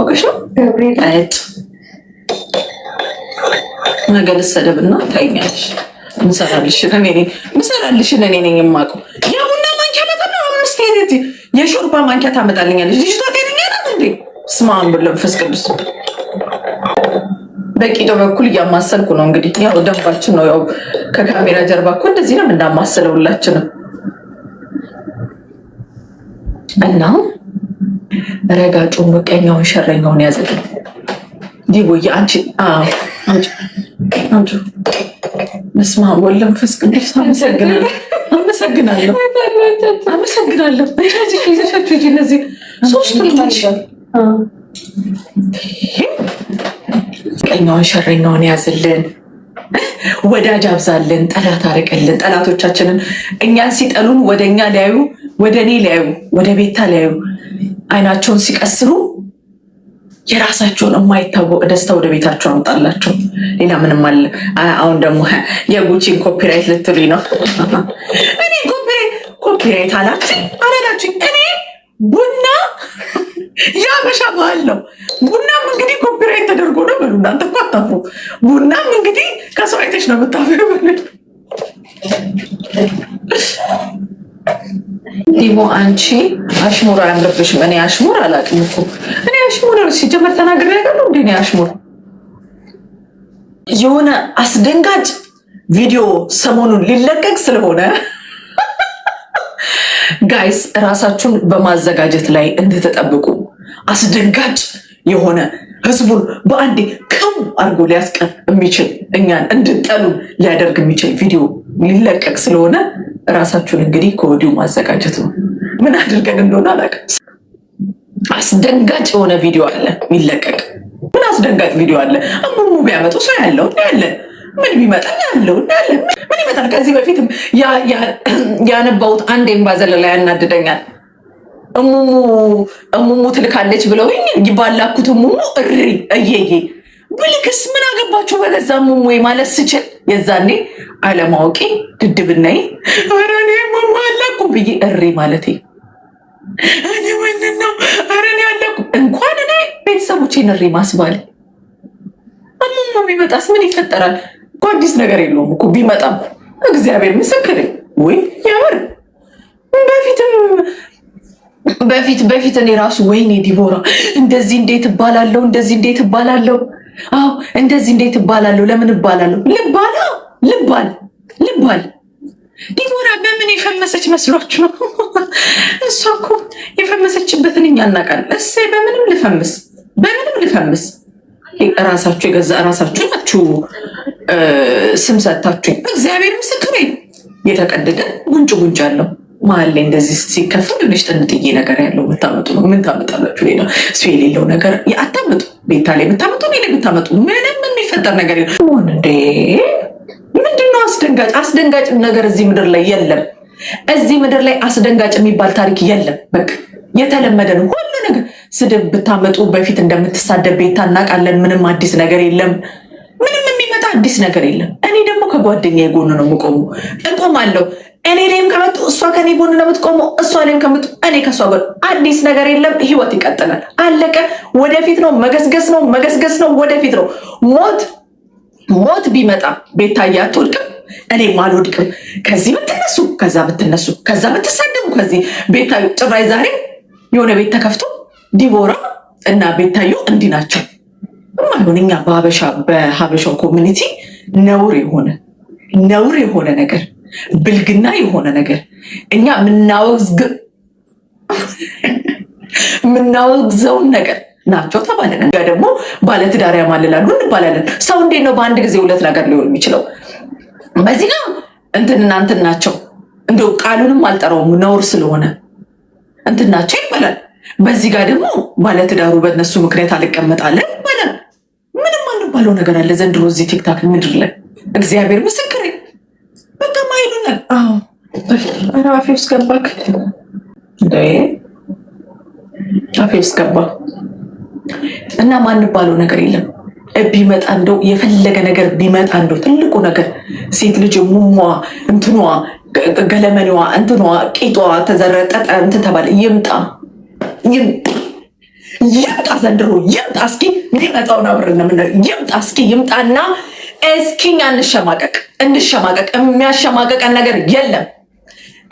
አውቀሽ ነው ገብርኤል አየት ነገ ልትሰደብና ታይኛለሽ። ምሰራልሽን እኔ ነኝ ምሰራልሽን እኔ ነኝ የማውቀው። የቡና ማንኪያ መጠን አምስት አይነት የሾርባ ማንኪያ ታመጣልኛለች ልጅቷ። ጤነኛ ናት እንዴ? ስመ አብ ወወልድ ቅዱስ። በቂዶ በኩል እያማሰልኩ ነው እንግዲህ፣ ያው ደንባችን ነው። ያው ከካሜራ ጀርባ እኮ እንደዚህ ነው የምናማስለው ሁላችንም እና ረጋጩ ምቀኛውን ሸረኛውን ያዘግን ዲቦዬ አንቺ አንቺ በስመ አብ ወወልድ ወመንፈስ ቅዱስ አመሰግናለሁ፣ አመሰግናለሁ፣ አመሰግናለሁ። በቻዚህ ይዘሻችሁ እንጂ እነዚህ ሶስቱ ልጆች ቀኛውን ሸረኛውን ያዝልን፣ ወዳጅ አብዛልን፣ ጠላት አርቅልን። ጠላቶቻችንን እኛን ሲጠሉን ወደ እኛ ሊያዩ፣ ወደ እኔ ሊያዩ፣ ወደ ቤታ ሊያዩ አይናቸውን ሲቀስሩ የራሳቸውን የማይታወቅ ደስታ ወደ ቤታቸው አምጣላቸው። ሌላ ምንም አለ? አሁን ደግሞ የጉቺን ኮፒራይት ልትሉኝ ነው? እኔ ኮፒራይት አላት አላላችሁ። እኔ ቡና ያበሻ ባህል ነው። ቡናም እንግዲህ ኮፒራይት ተደርጎ ነው በሉ እናንተ እኮ አታፍሩ። ቡናም እንግዲህ ከሰው አይተሽ ነው የምታፍሩ ዲቦ አንቺ አሽሙር አያምርብሽም። እኔ አሽሙር አላውቅም እኮ እኔ አሽሙር ሲጀመር ተናግሬ ያውቃለሁ። እንደ እኔ አሽሙር የሆነ አስደንጋጭ ቪዲዮ ሰሞኑን ሊለቀቅ ስለሆነ ጋይስ እራሳችሁን በማዘጋጀት ላይ እንድትጠብቁ አስደንጋጭ የሆነ ህዝቡን በአንዴ ከው አድርጎ ሊያስቀር የሚችል እኛን እንድንጠሉ ሊያደርግ የሚችል ቪዲዮ ሊለቀቅ ስለሆነ ራሳችሁን እንግዲህ ከወዲሁ ማዘጋጀት ነው። ምን አድርገን እንደሆነ አላውቅም። አስደንጋጭ የሆነ ቪዲዮ አለ የሚለቀቅ። ምን አስደንጋጭ ቪዲዮ አለ? አሙሙ ቢያመጡ ሰው ያለው እናያለን። ምን ቢመጣ ያለው እናያለን። ምን ይመጣል? ከዚህ በፊትም ያነባሁት አንድ ኤምባዘለ ላይ ያናድደኛል። እሙሙ እሙሙ ትልካለች ብለው ባላኩት እሙሙ እሪ እየዬ ብልክስ ምን አገባችሁ? በገዛ ሙሙዬ ማለት ስችል የዛኔ አለማወቂ ድድብናይ ረኔ ሙሙ አላቁ ብዬ እሪ ማለቴ እኔ ወንድና ረኔ አላቁ እንኳን እኔ ቤተሰቦቼን እሬ ማስባል ሙሙ ቢመጣስ ምን ይፈጠራል? አዲስ ነገር የለውም እኮ ቢመጣም እግዚአብሔር ምስክር ወይ ያምር በፊትም በፊት በፊት እኔ ራሱ ወይኔ ዲቦራ እንደዚህ እንዴት እባላለሁ እንደዚህ እንዴት እባላለሁ አዎ እንደዚህ እንዴት እባላለሁ? ለምን እባላለሁ? ልባል ልባል ልባል ዲቦራ በምን የፈመሰች መስሏችሁ ነው? እሷ እኮ የፈመሰችበትን እኛ እናውቃለን። እሰይ በምንም ልፈምስ በምንም ልፈምስ ራሳችሁ የገዛ ራሳችሁ ናችሁ ስም ሰጥታችሁ እግዚአብሔር ምስክሬ የተቀደደ ጉንጭ ጉንጭ አለው። መሀል ላይ እንደዚህ ሲከፈል ልጅ ጥንጥዬ ነገር ያለው የምታመጡ ነው። ምን ታመጣላችሁ? ሌላ እሱ የሌለው ነገር አታመጡ። ቤታ ላይ የምታመጡ ሌላ የምታመጡ ምንም የሚፈጠር ነገር ሆን እንዴ! ነው አስደንጋጭ አስደንጋጭ ነገር እዚህ ምድር ላይ የለም። እዚህ ምድር ላይ አስደንጋጭ የሚባል ታሪክ የለም። በቃ የተለመደ ነው ሁሉ ነገር። ስድብ ብታመጡ በፊት እንደምትሳደብ ቤታ እናውቃለን። ምንም አዲስ ነገር የለም። ምንም የሚመጣ አዲስ ነገር የለም። እኔ ደግሞ ከጓደኛ የጎን ነው የምቆሙ እቆማለሁ እኔ ከመጡ እሷ ከኔ ጎን ነው የምትቆመው። እሷ እኔም ከምጡ እኔ ከእሷ ጎን። አዲስ ነገር የለም። ህይወት ይቀጥላል። አለቀ። ወደፊት ነው መገስገስ ነው መገስገስ ነው ወደፊት ነው። ሞት ሞት ቢመጣ ቤታዬ አትወድቅም፣ እኔም አልወድቅም። ከዚህ ብትነሱ ከዛ ብትነሱ ከዛ ብትሳደቡ ከዚህ ቤታዩ ጭራይ ዛሬ የሆነ ቤት ተከፍቶ ዲቦራ እና ቤታዩ እንዲህ ናቸው ማይሆን እኛ በሀበሻው ኮሚኒቲ ነውር የሆነ ነውር የሆነ ነገር ብልግና የሆነ ነገር እኛ የምናወግዘውን ነገር ናቸው ተባለን። እኛ ደግሞ ባለትዳር ያማልላሉ እንባላለን። ሰው እንዴት ነው በአንድ ጊዜ ሁለት ነገር ሊሆን የሚችለው? በዚህ ጋር እንትን እናንትን ናቸው እንደው ቃሉንም አልጠራውም ነውር ስለሆነ እንትን ናቸው ይባላል። በዚህ ጋር ደግሞ ባለትዳሩ በነሱ ምክንያት አልቀመጣለን ይባላል። ምንም አንባለው ነገር አለ ዘንድሮ እዚህ ቲክታክ ምድር ላይ እግዚአብሔር ምስክሬ በቃ ማይሆናል። አዎ ኧረ አፌ ውስጥ ገባክ እንዴ? አፌ ውስጥ ገባ እና ማንባለው ነገር የለም ቢመጣ እንደው የፈለገ ነገር ቢመጣ እንደው ትልቁ ነገር ሴት ልጅ ሙሟ እንትኗ ገለመኔዋ እንትኗ ቂጧ ተዘረጠጠ እንትን ተባለ። ይምጣ ይምጣ ዘንድሮ ይምጣ። እስኪ የሚመጣውን አብረን ነው የምናየው። ይምጣ እስኪ ይምጣና እስኪኛ እንሸማቀቅ እንሸማቀቅ። የሚያሸማቀቀን ነገር የለም።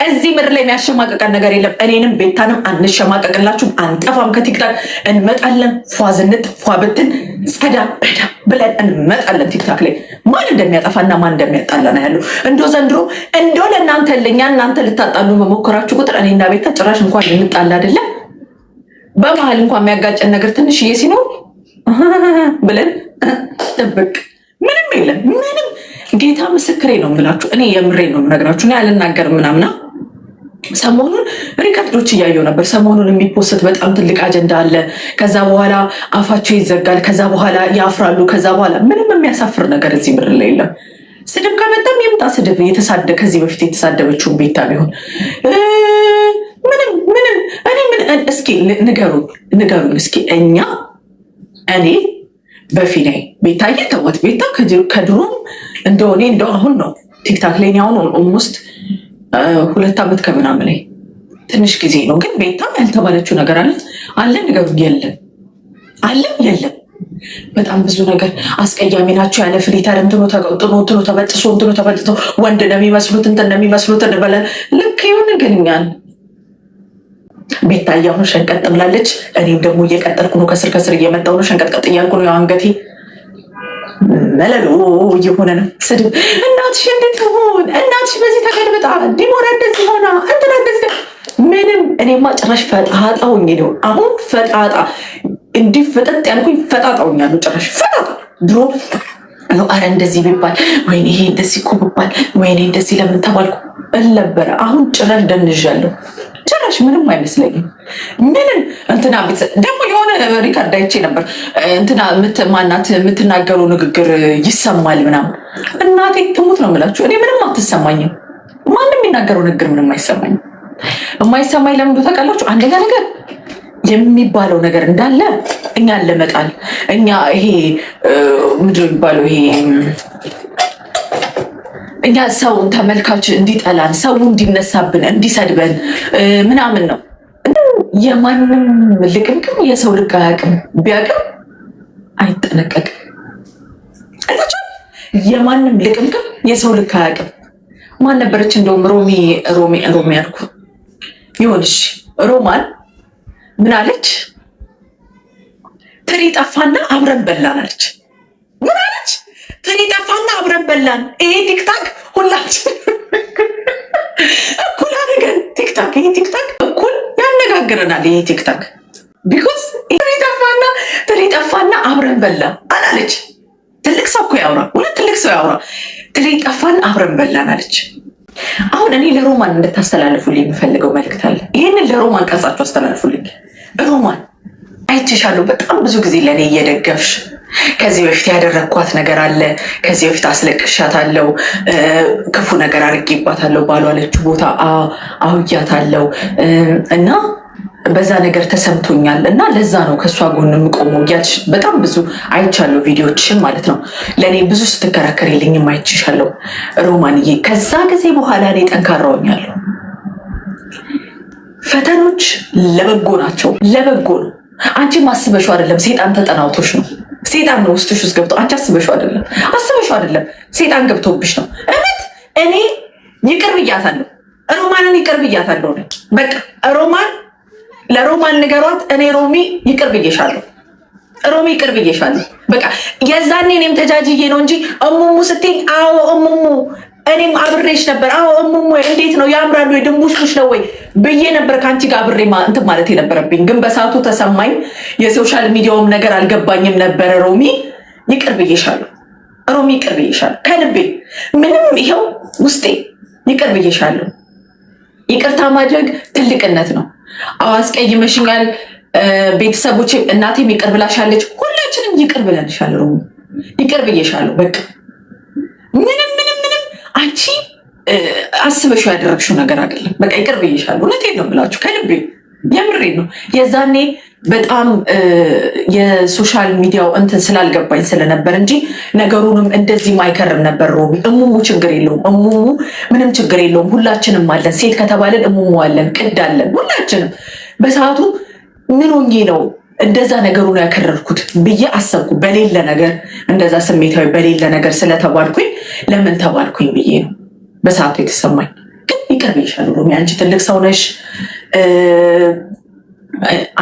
እዚህ ምድር ላይ የሚያሸማቀቀን ነገር የለም። እኔንም ቤታንም አንሸማቀቅላችሁም። አንጠፋም። ከቲክታክ እንመጣለን። ፏዝንጥ ፏብትን ጸዳ በዳ ብለን እንመጣለን። ቲክታክ ላይ ማን እንደሚያጠፋና ማን እንደሚያጣላና ያሉ እንዶ ዘንድሮ እንዶ ለእናንተ ለኛ እናንተ ልታጣሉ በሞከራችሁ ቁጥር እኔና ቤታ ጭራሽ እንኳን ልንጣላ አይደለም በመሀል እንኳን የሚያጋጨን ነገር ትንሽዬ ሲኖር ብለን ጥብቅ ምንም የለም። ምንም ጌታ ምስክሬ ነው የምላችሁ። እኔ የምሬ ነው የምነግራችሁ። እኔ አልናገርም ምናምና ሰሞኑን ሪከርዶች እያየው ነበር። ሰሞኑን የሚፖስት በጣም ትልቅ አጀንዳ አለ። ከዛ በኋላ አፋቸው ይዘጋል። ከዛ በኋላ ያፍራሉ። ከዛ በኋላ ምንም የሚያሳፍር ነገር እዚህ ምድር ላይ የለም። ስድብ ከመጣም የምጣ ስድብ የተሳደ ከዚህ በፊት የተሳደበችውን ቤታ ቢሆን ምንም ምንም እኔ ምን እስኪ ንገሩ ንገሩ እስኪ እኛ እኔ በፊኔ ቤታዬ ተወት ቤታ ከድሮም እንደሆኔ እንደ አሁን ነው ቲክታክ ላይ አሁን ኦልሞስት ሁለት ዓመት ከምናምን ላይ ትንሽ ጊዜ ነው። ግን ቤታ ያልተባለችው ነገር አለ አለ ነገር የለም አለም የለም በጣም ብዙ ነገር አስቀያሚ ናቸው። ያለ ፍሊተር እንትኑ ተቀጥኖ እንትኑ ተበጥሶ እንትኑ ተበጥቶ ወንድ እንደሚመስሉት እንትን እንደሚመስሉት ልክ ይሁን ግን እኛን ቤታዬ አሁን ሸንቀጥ ብላለች። እኔም ደግሞ እየቀጠልኩ ነው፣ ከስር ከስር እየመጣው ነው። ሸንቀጥቀጥ እያልኩ ነው። አንገቴ መለሎ እየሆነ ነው። ስድብ እናትሽ እንዴት ትሆን? እናትሽ በዚህ ተገልብጣ፣ ዲቦራ እንደዚህ ሆና፣ እንትና እንደዚህ ምንም። እኔማ ጭራሽ ፈጣጣ ሆኜ ነው አሁን። ፈጣጣ እንዲህ ፈጠጥ ያልኩኝ ፈጣጣ ሆኛለሁ። ጭራሽ ፈጣጣ ድሮ ነው። አረ እንደዚህ ቢባል ወይኔ ይሄ እንደዚህ እኮ ብባል ወይኔ እንደዚህ ለምን ተባልኩ እልነበረ። አሁን ጭራሽ ደንዣለሁ። ካልሽ ምንም አይመስለኝም። ምንም እንትና ደግሞ የሆነ ሪከርድ አይቼ ነበር። እንትና ማናት የምትናገረው ንግግር ይሰማል ምናምን። እናቴ ትሙት ነው የምላችሁ፣ እኔ ምንም አትሰማኝም። ማንም የሚናገረው ንግግር ምንም አይሰማኝም። የማይሰማኝ ለምንዱ ታውቃላችሁ? አንደኛ ነገር የሚባለው ነገር እንዳለ እኛን ለመጣል እኛ ይሄ ምንድን ነው የሚባለው ይሄ እኛ ሰውን ተመልካች እንዲጠላን ሰው እንዲነሳብን እንዲሰድበን ምናምን ነው። የማንም ልቅምቅም የሰው ልቅ አያውቅም፣ ቢያውቅም አይጠነቀቅም። የማንም ልቅምቅም የሰው ልክ አያውቅም። ማን ነበረች እንደውም ሮሚ ሮሚ ሮሚ አልኩ ይሆንሽ ሮማን ምን አለች? ትሪ ጠፋና አብረን በላን አለች። ትሪ ጠፋና አብረን በላን። ይሄ ቲክታክ ሁላችን እኩል አድርገን ቲክታክ ይሄ ቲክታክ እኩል ያነጋግረናል። ይሄ ቲክታክ ቢኮዝ ትሪ ጠፋና ትሪ ጠፋና አብረን በላን አላለች። ትልቅ ሰው እኮ ያውራ፣ ሁለት ትልቅ ሰው ያውራ። ትሪ ጠፋን አብረን በላን አለች። አሁን እኔ ለሮማን እንድታስተላልፉልኝ የምፈልገው መልእክት አለ። ይህንን ለሮማን ቀርጻችሁ አስተላልፉልኝ። ሮማን አይቼሻለሁ በጣም ብዙ ጊዜ ለእኔ እየደገፍሽ ከዚህ በፊት ያደረግኳት ነገር አለ፣ ከዚህ በፊት አስለቅሻታለሁ፣ ክፉ ነገር አድርጌባታለሁ፣ ባሏለችው ቦታ አውያታለሁ እና በዛ ነገር ተሰምቶኛል እና ለዛ ነው ከእሷ ጎን የምቆመው እያልሽ በጣም ብዙ አይቻለሁ፣ ቪዲዮችን ማለት ነው። ለእኔ ብዙ ስትከራከሪልኝም አይችሻለሁ ሮማንዬ። ከዛ ጊዜ በኋላ እኔ ጠንካራ ፈተኖች ለበጎ ናቸው፣ ለበጎ ነው። አንቺ ማስበሽው አይደለም፣ ሴጣን ተጠናውቶች ነው ሴጣን ነው ውስጥሽ ውስጥ ገብቶ አንቺ አስበሽው አይደለም፣ አስበሽው አይደለም። ሴጣን ገብቶብሽ ነው። እምት እኔ ይቅር ብያታለሁ፣ ሮማንን ይቅር ብያታለሁ። በቃ ሮማን ለሮማን ንገሯት፣ እኔ ሮሚ ይቅር ብዬሻለሁ፣ ሮሚ ይቅር ብዬሻለሁ። በቃ የዛኔ እኔም ተጃጅዬ ነው እንጂ እሙሙ ስትኝ አዎ እሙሙ እኔም አብሬሽ ነበር። አዎ እሙሙ እንዴት ነው ያምራሉ ወይ ድንቡሽቡሽ ነው ወይ ብዬ ነበር ከአንቺ ጋር አብሬ እንትን ማለት የነበረብኝ ግን በሰዓቱ ተሰማኝ። የሶሻል ሚዲያውም ነገር አልገባኝም ነበረ። ሮሚ ይቅር ብዬሻለሁ። ሮሚ ይቅር ብዬሻለሁ ከልቤ ምንም ይኸው ውስጤ ይቅር ብዬሻለሁ። ይቅርታ ማድረግ ትልቅነት ነው። አስቀይመሽኛል። ቤተሰቦች እናቴም ይቅር ብላሻለች። ሁላችንም ይቅር ብለንሻል። ሮሚ ይቅር ብዬሻለሁ በቃ ምንም አንቺ አስበሽው ያደረግሽው ነገር አይደለም። በቃ ይቅር ብዬሻለሁ። እውነቴን ነው የምላችሁ ከልቤ የምሬ ነው። የዛኔ በጣም የሶሻል ሚዲያው እንትን ስላልገባኝ ስለነበር እንጂ ነገሩንም እንደዚህ አይከርም ነበር። ሮቢ እሙሙ ችግር የለውም እሙሙ ምንም ችግር የለውም። ሁላችንም አለን፣ ሴት ከተባለን እሙሙ አለን፣ ቅድ አለን፣ ሁላችንም በሰዓቱ ምን ሆኜ ነው እንደዛ ነገሩን ያከረርኩት ብዬ አሰብኩ። በሌለ ነገር እንደዛ ስሜታዊ በሌለ ነገር ስለተባልኩኝ ለምን ተባልኩኝ ብዬ ነው በሰዓቱ የተሰማኝ። ግን ይቅር ይሻል ሮሚ፣ አንቺ ትልቅ ሰው ነሽ።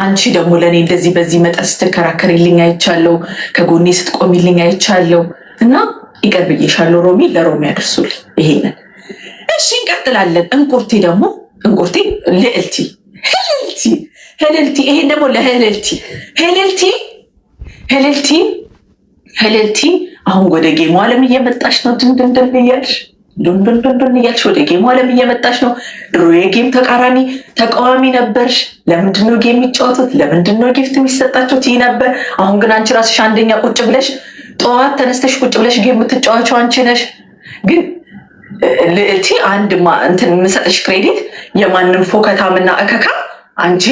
አንቺ ደግሞ ለእኔ እንደዚህ በዚህ መጠን ስትከራከሪልኝ አይቻለው፣ ከጎኔ ስትቆሚልኝ አይቻለው እና ይቅር ብዬሻለሁ ሮሚ። ለሮሚ ያደርሱልኝ ይሄንን። እሺ እንቀጥላለን። እንቁርቴ ደግሞ እንቁርቴ ልዕልቲ ልዕልቲ ህልልቲ ይሄን ደግሞ ለህልልቲ ህልልቲ ህልልቲ ህልልቲ አሁን ወደ ጌሙ ዓለም እየመጣች ነው። ድንድንድን እያልሽ ዱንዱንዱንዱን እያልሽ ወደ ጌሙ ዓለም እየመጣች ነው። ድሮ የጌም ተቃራኒ ተቃዋሚ ነበርሽ። ለምንድነው ጌም የሚጫወቱት? ለምንድነው ጊፍት የሚሰጣቸው? ትይ ነበር። አሁን ግን አንቺ ራስሽ አንደኛ ቁጭ ብለሽ ጠዋት ተነስተሽ ቁጭ ብለሽ ጌም የምትጫወቸው አንቺ ነሽ። ግን ልዕልቲ አንድ እንትን የምሰጥሽ ክሬዲት የማንም ፎከታምና እከካ አንቺ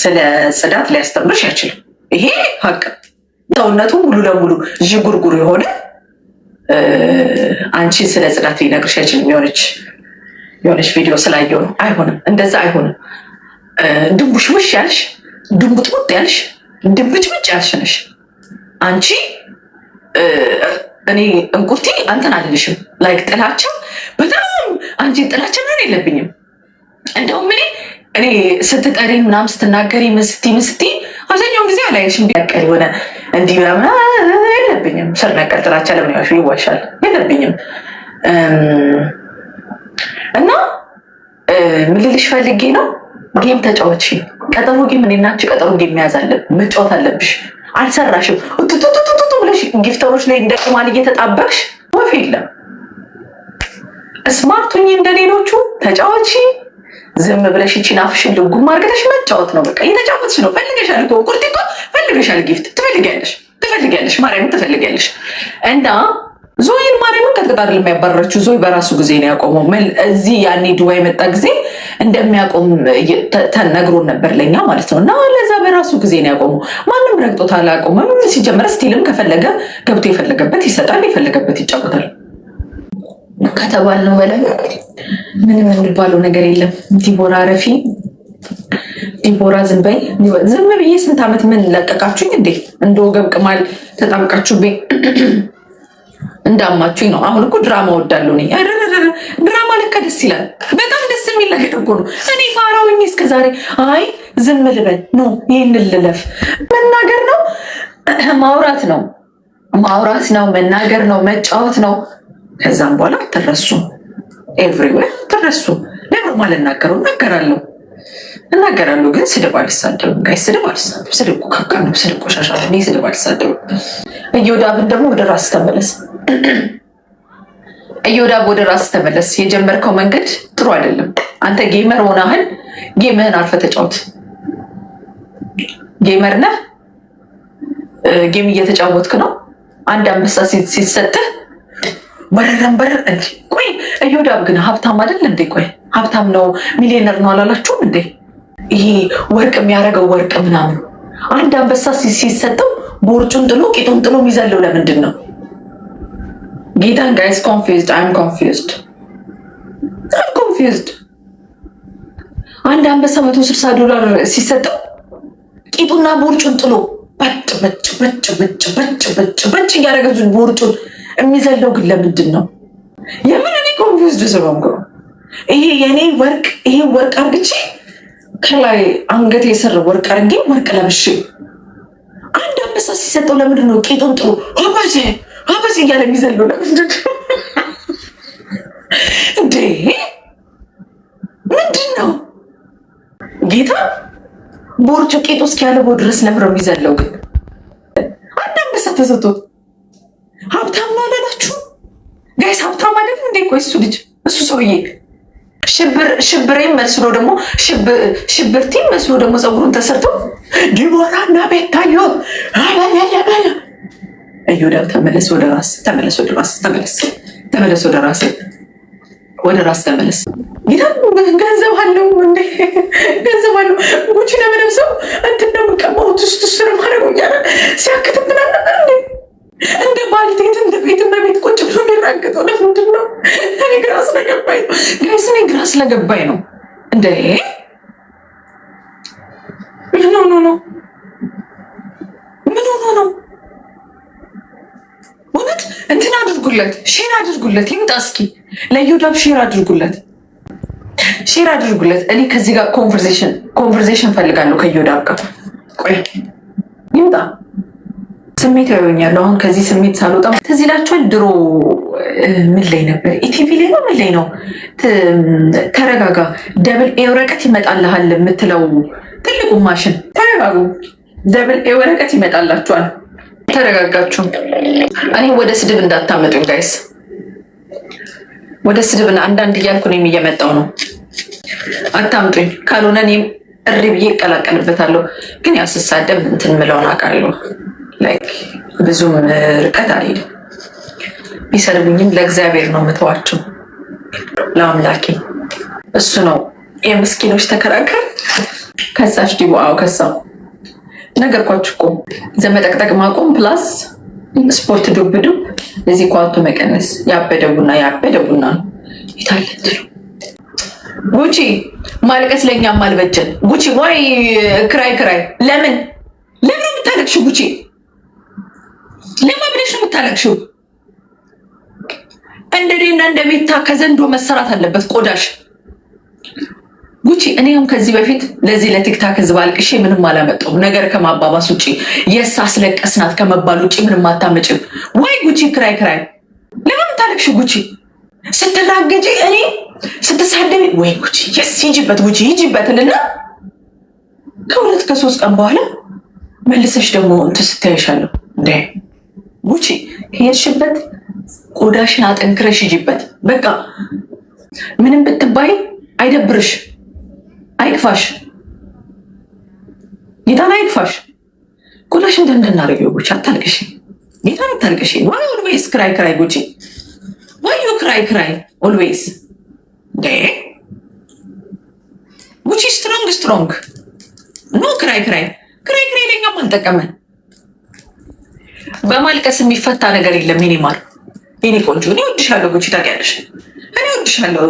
ስለ ጽዳት ሊያስተምርሽ አይችልም። ይሄ ሀቅ ሰውነቱ ሙሉ ለሙሉ ዥጉርጉር የሆነ አንቺን ስለ ጽዳት ሊነግርሽ አይችልም። የሆነች የሆነች ቪዲዮ ስላየው ነው። አይሆንም፣ እንደዛ አይሆንም። ድንቡሽቡሽ ያልሽ ድንቡጥቡጥ ያልሽ ድንብጭብጭ ያልሽ ነሽ አንቺ። እኔ እንቁርቲ አንተን አልልሽም። ላይክ ጥላቻ በጣም አንቺን ጥላቻ ምን የለብኝም። እንደውም እኔ እኔ ስትጠሪ ምናም ስትናገሪ ምስቲ ምስቲ አብዛኛውን ጊዜ አላየሽም። ቢያቀል የሆነ እንዲህ ምናምን የለብኝም። ስር ነቀል ጥላቻ ለምን ያልሽው ይዋሻል። የለብኝም እና ምልልሽ ፈልጌ ነው ጌም ተጫወትሽ። ቀጠሮ ጌም እኔናቸው ቀጠሮ ጌም መያዝ አለብን፣ መጫወት አለብሽ። አልሰራሽም ቱቱቱቱቱ ብለሽ ጊፍተሮች ላይ እንደ ቅማል እየተጣበቅሽ ወፍ የለም። ስማርቱኝ እንደሌሎቹ ተጫወትሽ። ዝም ብለሽ ይቺን አፍሽን ልጉም አድርገሽ መጫወት ነው። በቃ እየተጫወትሽ ነው። ፈልገሻል እኮ ቁርጥ እኮ ፈልገሻል። ጊፍት ትፈልጊያለሽ፣ ትፈልጊያለሽ፣ ማርያምን ትፈልጊያለሽ። እና ዞይን ማርያምን ቀጥቅጣ አይደለም ዞይ በራሱ ጊዜ ነው ያቆመው። እዚህ ያኔ ዱባይ መጣ ጊዜ እንደሚያቆም ተነግሮን ነበር ለኛ ማለት ነው። እና ለዛ በራሱ ጊዜ ነው ያቆመው። ማንም ረግጦት አላቆመም። ሲጀመረ ስቲልም ከፈለገ ገብቶ የፈለገበት ይሰጣል፣ የፈለገበት ይጫወታል። ከተባልነው በላይ ምንም የሚባለው ነገር የለም። ዲቦራ ረፊ፣ ዲቦራ ዝንበይ። ዝም ብዬ ስንት ዓመት ምን ለቀቃችሁኝ እንዴ? እንደ ወገብ ቅማል ተጣብቃችሁብኝ እንዳማችሁኝ ነው። አሁን እኮ ድራማ ወዳለሁ ነኝ። ድራማ ለካ ደስ ይላል። በጣም ደስ የሚል ነገር እኮ ነው። እኔ ፋራውኝ ዛሬ አይ ዝም ልበል ኖ ይህን ልለፍ መናገር ነው ማውራት ነው ማውራት ነው መናገር ነው መጫወት ነው ከዛም በኋላ ተረሱ ኤቭሪዌር ተረሱ። ለምርም አልናገረው እናገራለሁ እናገራለሁ ግን ስድብ አልሳደብም። ጋይ ስድብ አልሳደብም። ስድብ ካካ ነው። ስድብ ቆሻሻ ነው። ስድብ አልሳደብም። እዮዳብን ደግሞ ወደ ራስ ተመለስ። እዮዳብ ወደ ራስ ተመለስ። የጀመርከው መንገድ ጥሩ አይደለም። አንተ ጌመር ሆናህን ጌምህን አልፈህ ተጫወት። ጌመር ነህ። ጌም እየተጫወትክ ነው። አንድ አንበሳ ሲሰጥህ በረረን በረር እንጂ ቆይ እዮዳብ ግን ሀብታም አይደል እንዴ? ቆይ ሀብታም ነው ሚሊዮነር ነው አላላችሁም እንዴ? ይሄ ወርቅ የሚያደርገው ወርቅ ምናምን አንድ አንበሳ ሲሰጠው ቦርጩን ጥሎ ቂጡን ጥሎ የሚዘለው ለምንድን ነው? ጌታን ጋይስ ኮንፊውዝድ አይም ኮንፊውዝድ አይም ኮንፊውዝድ። አንድ አንበሳ መቶ ስልሳ ዶላር ሲሰጠው ቂጡና ቦርጩን ጥሎ በጭ በጭ በጭ በጭ በጭ በጭ በጭ እያደረገ ቦርጩን የሚዘለው ግን ለምንድን ነው? የምን እኔ ኮንፊውዝድ ስለሆንኩ ይሄ የእኔ ወርቅ ይሄ ወርቅ አርግቼ ከላይ አንገት የሰር ወርቅ አርጌ ወርቅ ለብሼ አንድ አንበሳ ሲሰጠው ለምንድን ነው ቄጡን ጥሩ አባቴ አባቴ እያለ የሚዘለው ለምንድን ነው እንዴ? ምንድን ነው ጌታ ቦርጮ ቄጡ እስኪያልበው ድረስ ነብረው የሚዘለው ግን አንድ አንበሳ ተሰጥቶት ሀብታም ነው አላላችሁ ጋይስ? ሀብታም አይደል እንዴ? ቆይ እሱ ልጅ እሱ ሰውዬ ሽብሬም መስሎ ደግሞ ሽብርቲን መስሎ ደግሞ ፀጉሩን ተሰርቶ ዲቦራ እና ቤታዮ እዮዳብ ተመለስ ወደ ራስ ተመለስ፣ ወደ ራስ ተመለስ፣ ተመለስ ወደ ራስ ወደ ራስ ተመለስ። ጌታ ገንዘብ አለው እንዴ? ገንዘብ አለው። ጉቺ ለመለብሰው እንትና ምቀማሁት ውስጥ ስር ማድረጉ እያለ ሲያክትብናል ነበር እንዴ? እንደ ባልቴት እንደ ቤት እንደ ቤት ቁጭ ብሎ የሚራገጠው ለምንድን ነው? እኔ ግራ ስለገባኝ ነው ጋይስ፣ እኔ ግራ ስለገባኝ ነው እንደ ምን ሆኖ ነው? ምን ሆኖ ነው? እውነት እንትን አድርጉለት፣ ሼር አድርጉለት፣ ይምጣ እስኪ ለዩዳብ ሼር አድርጉለት፣ ሼር አድርጉለት። እኔ ከዚህ ጋር ኮንቨርሴሽን ኮንቨርሴሽን ፈልጋለሁ ከዩዳብ ጋር ቆይ፣ ይምጣ ስሜት ያዩኛሉ። አሁን ከዚህ ስሜት ሳልወጣ ትዝ ይላችኋል። ድሮ ምን ላይ ነበር? ኢቲቪ ላይ ነው ምን ላይ ነው? ተረጋጋ ደብል ኤ ወረቀት ይመጣልሃል የምትለው ትልቁ ማሽን። ተረጋጉ ደብል ኤ ወረቀት ይመጣላችኋል። ተረጋጋችሁ። እኔ ወደ ስድብ እንዳታመጡኝ ጋይስ፣ ወደ ስድብ አንዳንድ እያልኩ እኔም እየመጣሁ ነው። አታምጡኝ፣ ካልሆነ እኔም እሪ ብዬ እቀላቀልበታለሁ። ግን ያው ስሳደብ እንትን ምለውን አውቃለሁ ላይክ ብዙም ርቀት አልሄድም። ቢሰልቡኝም ለእግዚአብሔር ነው የምተዋቸው፣ ለአምላኬ እሱ ነው የምስኪኖች ተከራከር። ከሳሽ ዲቦ አዎ ከሳው ነገርኳችሁ እኮ ዘመጠቅጠቅ ማቆም ፕላስ ስፖርት ዱብ ዱብ እዚህ ኳቱ መቀነስ ያበደ ቡና ያበደ ቡና ነው ይታለት ጉቺ ማልቀስ ለእኛም አልበጀን። ጉቺ ዋይ ክራይ ክራይ ለምን ለምን የምታለቅሽ ጉቺ ለምን ነው የምታለቅሽው? እንደ ዴና እንደ ከዘንዶ መሰራት አለበት ቆዳሽ። ጉቺ እኔም ከዚህ በፊት ለዚህ ለቲክታክ ህዝብ አልቅሼ ምንም አላመጣውም። ነገር ከማባባስ ውጭ የስ አስለቀስናት ከመባል ውጭ ምንም አታመጭም። ወይ ጉቺ ክራይ ክራይ ለምን ምታለቅሽ? ጉቺ? ስትራገጂ እኔ ስትሳደቢ ወይ ጉቺ የስ ይጅበት ጉቺ ይጅበት እንልና ከሁለት ከሶስት ቀን በኋላ መልሰሽ ደግሞ እንትን ስታይሻለሁ ጉቺ ሄድሽበት፣ ቆዳሽን አጠንክረሽ ሂጂበት። በቃ ምንም ብትባይ አይደብርሽ፣ አይክፋሽ፣ ጌታን አይክፋሽ። ቆዳሽን ደንደናረጊ ጉቺ፣ አታልቅሽ፣ ጌታን አታልቅሽ። ዋይ ኦልዌይስ ክራይ ክራይ ጉቺ፣ ዋይ ዩ ክራይ ክራይ ኦልዌይስ ጉቺ፣ ስትሮንግ ስትሮንግ ኖ ክራይ ክራይ ክራይ ክራይ ለኛ አንጠቀመን በማልቀስ የሚፈታ ነገር የለም። ኒኒማር ኔ ቆንጆ እኔ ወድሻለሁ፣ ጉቺ ታውቂያለሽ፣ እኔ ወድሻለሁ፣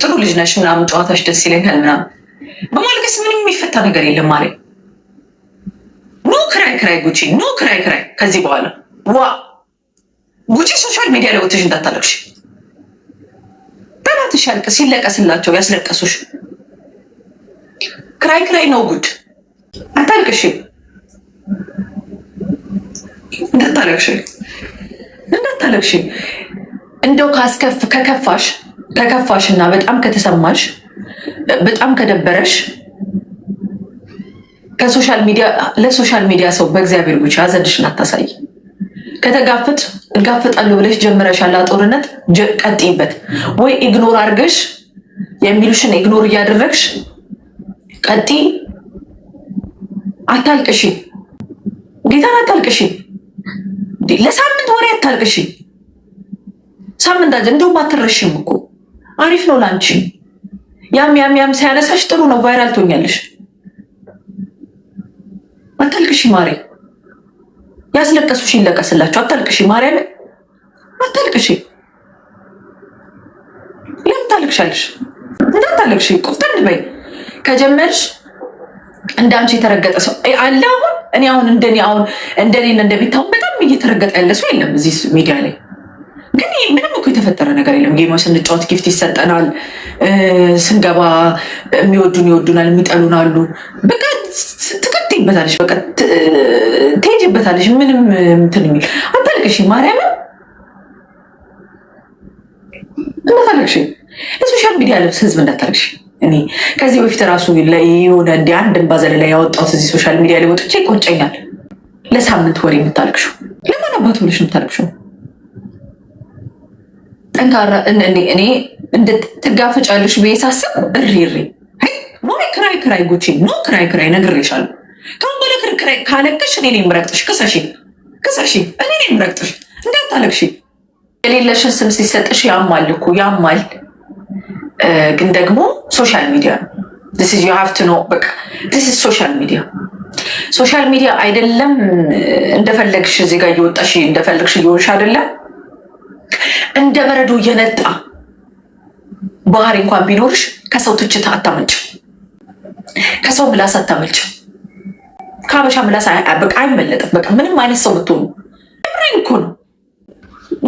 ጥሩ ልጅ ነሽ፣ ምናምን ጨዋታሽ ደስ ይለኛል ምናምን። በማልቀስ ምንም የሚፈታ ነገር የለም። ማለ ኖ ክራይ ክራይ፣ ጉቺ ኖ ክራይ ክራይ። ከዚህ በኋላ ዋ ጉቺ ሶሻል ሚዲያ ላይ ወጥተሽ እንዳታለቅሽ። በናትሽ ያልቅስ ሲለቀስላቸው ያስለቀሱሽ ክራይ ክራይ ነው ጉድ። አታልቅሽ። እንዳታለቅሽ እንዳታለቅሽ እንደው ካስከፍ ከከፋሽ ከከፋሽ እና በጣም ከተሰማሽ በጣም ከደበረሽ ከሶሻል ሚዲያ ለሶሻል ሚዲያ ሰው በእግዚአብሔር ብቻ አዘድሽን እናታሳይ ከተጋፍጥ እጋፍጣለሁ ብለሽ ጀምረሻል ጦርነት፣ ቀጥይበት። ወይ ኢግኖር አድርገሽ የሚሉሽን ኢግኖር እያደረግሽ ቀጥይ። አታልቅሽ፣ ጌታን አታልቅሽ። እንዴ ለሳምንት ወሬ አታልቅሽ። ሳምንት አጀ እንደውም አትረሽም እኮ አሪፍ ነው ላንቺ። ያም ያም ያም ሳያነሳሽ ጥሩ ነው፣ ቫይራል ትሆኛለሽ። አታልቅሽ ማሬ። ያስለቀሱሽ ይለቀስላቸው። አታልቅሽ ማርያም፣ አታልቅሽ። ለምን ታልቅሻለሽ? እንዳታልቅሽ ቁፍጥን በይ። ከጀመርሽ እንደ አንቺ የተረገጠ ሰው አለ። አሁን እኔ አሁን እንደኔ አሁን እንደኔ እንደቤታሁን ምንም እየተረገጠ ያለ ሰው የለም እዚህ ሚዲያ ላይ ግን ምንም እኮ የተፈጠረ ነገር የለም። ጌማ ስንጫወት ጊፍት ይሰጠናል። ስንገባ የሚወዱን ይወዱናል፣ የሚጠሉን አሉ። በቃ ትቀጥይበታለሽ፣ በቃ ትሄጂበታለሽ። ምንም እንትን የሚል አታልቅሽ፣ ማርያምን እንዳታልቅሽ፣ ለሶሻል ሚዲያ ልብስ ህዝብ እንዳታልቅሽ። እኔ ከዚህ በፊት ራሱ የሆነ እንዲ አንድ እንባዘለ ላይ ያወጣሁት እዚህ ሶሻል ሚዲያ ላይ ወጥቼ ይቆጨኛል። ለሳምንት ወሬ የምታለቅሽው ለማናባት አባቱ ብለሽ የምታለቅሽው? ጠንካራ እኔ ትጋፈጫለሽ ብዬ ሳስብ እሪ እሪ ወይ ክራይ ክራይ ጉቺ ኖ ክራይ ክራይ ነግሬሻለሁ። ከሁን በለ ክርክራይ ካለቅሽ እኔ ነው የምረግጥሽ። ክሰሺ ክሰሺ እኔ ነው የምረግጥሽ። እንዳታለቅሺ። የሌለሽን ስም ሲሰጥሽ ያማል እኮ ያማል። ግን ደግሞ ሶሻል ሚዲያ ነው ሶሻል ሚዲያ ሶሻል ሚዲያ አይደለም እንደፈለግሽ እዚህ ጋር እየወጣሽ እንደፈለግሽ እየሆንሽ አይደለም እንደ በረዶ የነጣ ባህሪ እንኳን ቢኖርሽ ከሰው ትችት አታመልጭም፣ ከሰው ምላስ አታመልጭም። ከሀበሻ ምላስ በቃ አይመለጥም። በቃ ምንም አይነት ሰው ብትሆኑ እኮ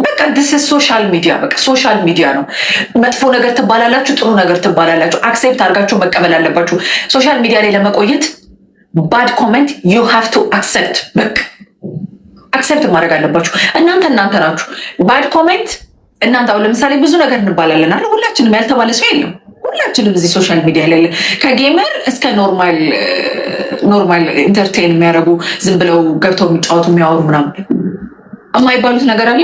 በቃ ድስ ሶሻል ሚዲያ በቃ ሶሻል ሚዲያ ነው። መጥፎ ነገር ትባላላችሁ፣ ጥሩ ነገር ትባላላችሁ። አክሴፕት አድርጋችሁ መቀበል አለባችሁ። ሶሻል ሚዲያ ላይ ለመቆየት ባድ ኮመንት ዩ ሃቭ ቱ አክሰፕት በቃ አክሰፕት ማድረግ አለባችሁ። እናንተ እናንተ ናችሁ። ባድ ኮመንት እናንተ አሁን ለምሳሌ ብዙ ነገር እንባላለን አለ ሁላችንም፣ ያልተባለ ሰው የለም። ሁላችንም እዚህ ሶሻል ሚዲያ ላይ ከጌመር እስከ ኖርማል ኖርማል ኢንተርቴን የሚያደርጉ ዝም ብለው ገብተው የሚጫወቱ የሚያወሩ ምናምን የማይባሉት ነገር አለ።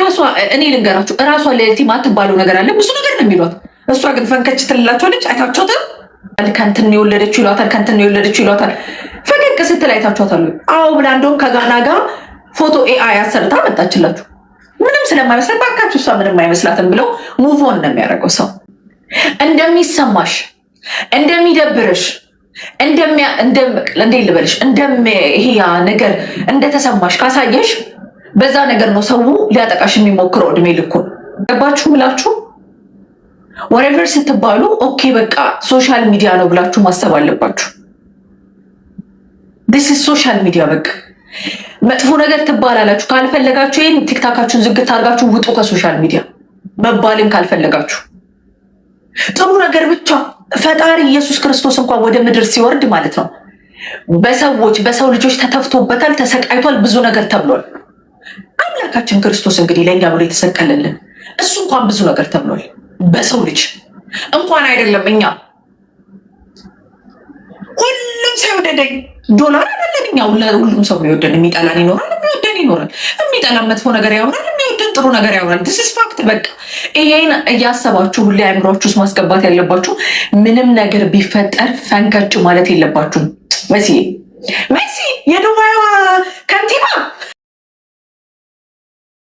ራሷ እኔ ልንገራችሁ፣ እራሷ ለቲማ አትባለው ነገር አለ። ብዙ ነገር ነው የሚሏት። እሷ ግን ፈንከች ትልላቸዋለች። አይታችሁትም ከንትን የወለደች ይሏታል፣ ከንትን የወለደች ይሏታል። ፈገግ ስትል አይታችኋታል? አዎ ብላ እንደውም ከጋና ጋር ፎቶ ኤአይ አሰርታ መጣችላችሁ። ምንም ስለማይመስላት ባካችሁ፣ እሷ ምንም አይመስላትም ብለው ሙቮን ነው የሚያደርገው ሰው እንደሚሰማሽ እንደሚደብርሽ እንዴ ልበልሽ ይሄ ያ ነገር እንደተሰማሽ ካሳየሽ በዛ ነገር ነው ሰው ሊያጠቃሽ የሚሞክረው እድሜ ልኩን። ገባችሁ ምላችሁ ወሬቨር ስትባሉ ኦኬ በቃ ሶሻል ሚዲያ ነው ብላችሁ ማሰብ አለባችሁ። ዲስ ሶሻል ሚዲያ በቃ መጥፎ ነገር ትባላላችሁ። ካልፈለጋችሁ ይህን ቲክታካችሁን ዝግት አድርጋችሁ ውጡ ከሶሻል ሚዲያ መባልን ካልፈለጋችሁ፣ ጥሩ ነገር ብቻ ፈጣሪ ኢየሱስ ክርስቶስ እንኳን ወደ ምድር ሲወርድ ማለት ነው በሰዎች በሰው ልጆች ተተፍቶበታል፣ ተሰቃይቷል፣ ብዙ ነገር ተብሏል። አምላካችን ክርስቶስ እንግዲህ ለእኛ ብሎ የተሰቀለልን እሱ እንኳን ብዙ ነገር ተብሏል። በሰው ልጅ እንኳን አይደለም እኛ ሁሉም ሰው የወደደኝ ዶላር አይደለም። እኛ ሁሉም ሰው የሚወደን የሚጠላን ይኖራል፣ የሚወደን ይኖራል። የሚጠላን መጥፎ ነገር ያወራል፣ የሚወደን ጥሩ ነገር ያወራል። ዲስስ ፋክት በቃ ይሄን እያሰባችሁ ሁሌ አእምሯችሁ ውስጥ ማስገባት ያለባችሁ ምንም ነገር ቢፈጠር ፈንከች ማለት የለባችሁም። መሲ መሲ የዱባይዋ ከንቲባ